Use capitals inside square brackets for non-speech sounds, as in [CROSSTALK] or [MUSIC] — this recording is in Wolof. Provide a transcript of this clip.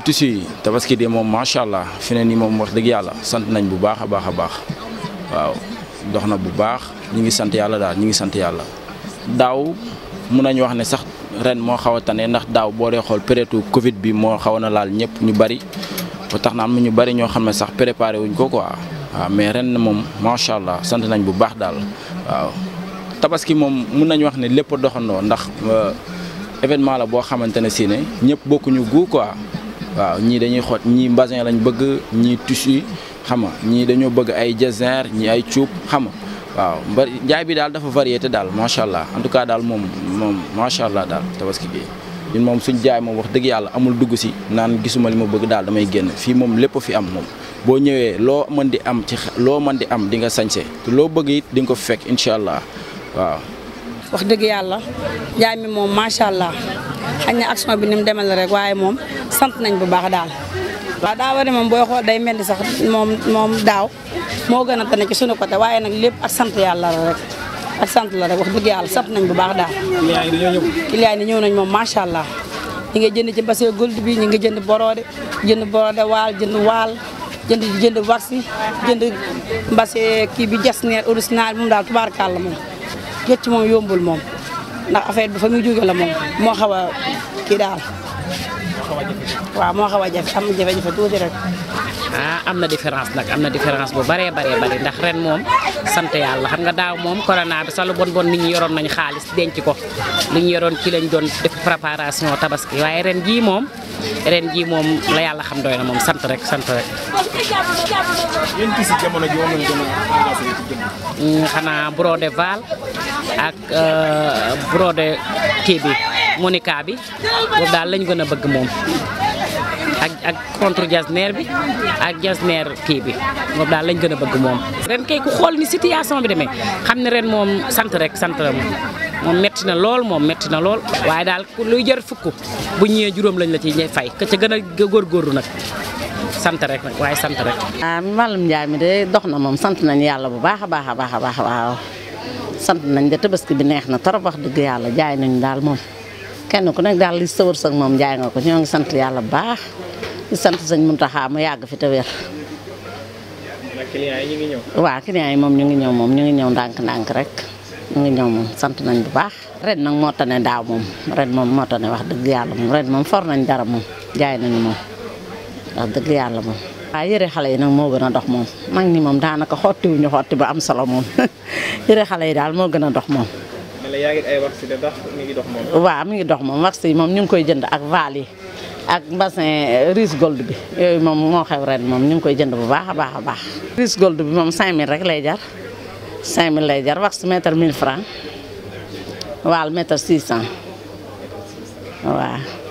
tissu yi tabaski de moom macha allah fi ne nii moom wax dëgg yàlla sant nañ bu baax a baax a baax waaw dox na bu baax ñu ngi sant yàlla daal ñu ngi sant yàlla. daaw mun nañu wax ne sax ren moo xaw a tane ndax daaw boo dee xool période Covid bi moo xaw na laal ñëpp ñu bari ba tax na am na ñu bari ñoo xam ne sax préparé wuñ ko quoi mais ren moom macha allah sant nañ bu baax daal waaw. tabaski moom mun nañu wax ne lépp doxandoo ndax euh, événement la boo xamante ne si ne ñëpp bokkuñu gu quoi. waaw ñii dañuy xot ñii mbasin lañ bëgg ñii tissu xam nga ñii dañoo bëgg ay design ñii ay cuub xam nga waaw mba jaay bi daal dafa variété daal macha allah en tout cas daal moom moom macha allah daal tabaski bi ñun moom suñ jaay moom wax dëgg yàlla amul dugg si naan gisuma li ma bëgg daal damay génn fii moom lépp fi am moom boo ñëwee loo mën di am ci loo mën di am di nga sañse te loo bëgg it di nga ko fekk incha allah waaw. wax dëgg yàlla jaay mi moom xañ na action bi ni mu demee la rek waaye moom sant nañ bu baax daal. waaw daa moom booy xool day mel ni sax moom moom daaw moo gën a tane ci sunu côté waaye nag lépp ak sant yàlla la rek ak sant la rek wax dëgg yàlla sant nañ bu baax daal. client yi ñëw nañ moom macha allah. ñi nga jënd ci mbase gold bi ñi nga jënd borode jënd borode waal jënd waal jënd jënd warsi jënd mbase kii bi jas neer original moom daal tubaarkàlla moom jot ci moom yombul moom ndax affaire bi fa muy jóge la moom moo xaw a kii daal. waaw moo xaw a jafe am jafe-jafe tuuti rek. ah am na différence nag am na différence bu baree baree bari ndax ren moom sant yàlla xam nga daaw moom corona bi sa lu bon bon nit ñi yoroon nañ xaalis denc ko lu ñu yoroon ci lañ doon def préparation tabaski waaye ren jii moom ren jii moom la yàlla xam doy na moom sant rek sant rek. yéen ci si jamono hmm, ak euh, brode kii bi monica bi boobu daal lañ gën a bëgg moom ak ak contre jasneer bi ak jasneer kii bi boobu daal lañ gën a bëgg moom ren kay ku xool ni situation bi demee xam ne ren moom sant rek sant la moom moom metti na lool moom metti na lool waaye daal ku luy jar fukk bu ñëwee juróom lañ la ci ñuy fay ka gën a góor góorgóorlu nag sant rek nag waaye sant rek. ah Malum Ndiaye mi de dox na moom sant nañu yàlla bu baax a baax a baax a baax waaw. sant nañ de tabaski bi neex na trop wax dëgg yàlla jaay nañu daal moom kenn ku nekk daal li sa wërsëg moom jaay nga ko ñoo ngi sant yàlla bu baax di sant sëñ Muntaxa mu yàgg fi te wér. waa yi yi moom ñu ngi ñëw moom ñu ngi ñëw ndànk-ndànk rek ñu ngi ñëw moom sant nañ bu baax. ren nag moo tane daaw moom ren moom moo tane wax dëgg yàlla moom ren moom for nañ dara moom jaay nañu moom wax dëgg yàlla moom. waa yëre xale yi nag moo gën a dox moom mag ñi moom daanaka xottiwuñu xotti ba am solo moom [LAUGHS] yëre xale yi daal moo gën a dox moom. yaa ngi mi ngi dox moom. waaw moom wax si ñu ngi koy jënd ak vaal yi ak bassin euh, riche gold bi yooyu moom moo xew ren moom ñu ngi koy jënd bu baax a baax a baax. riis gold bi moom 5000 rek lay jar 5000 lay jar wax si mètre 1000 francs waal mètre 600 waaw.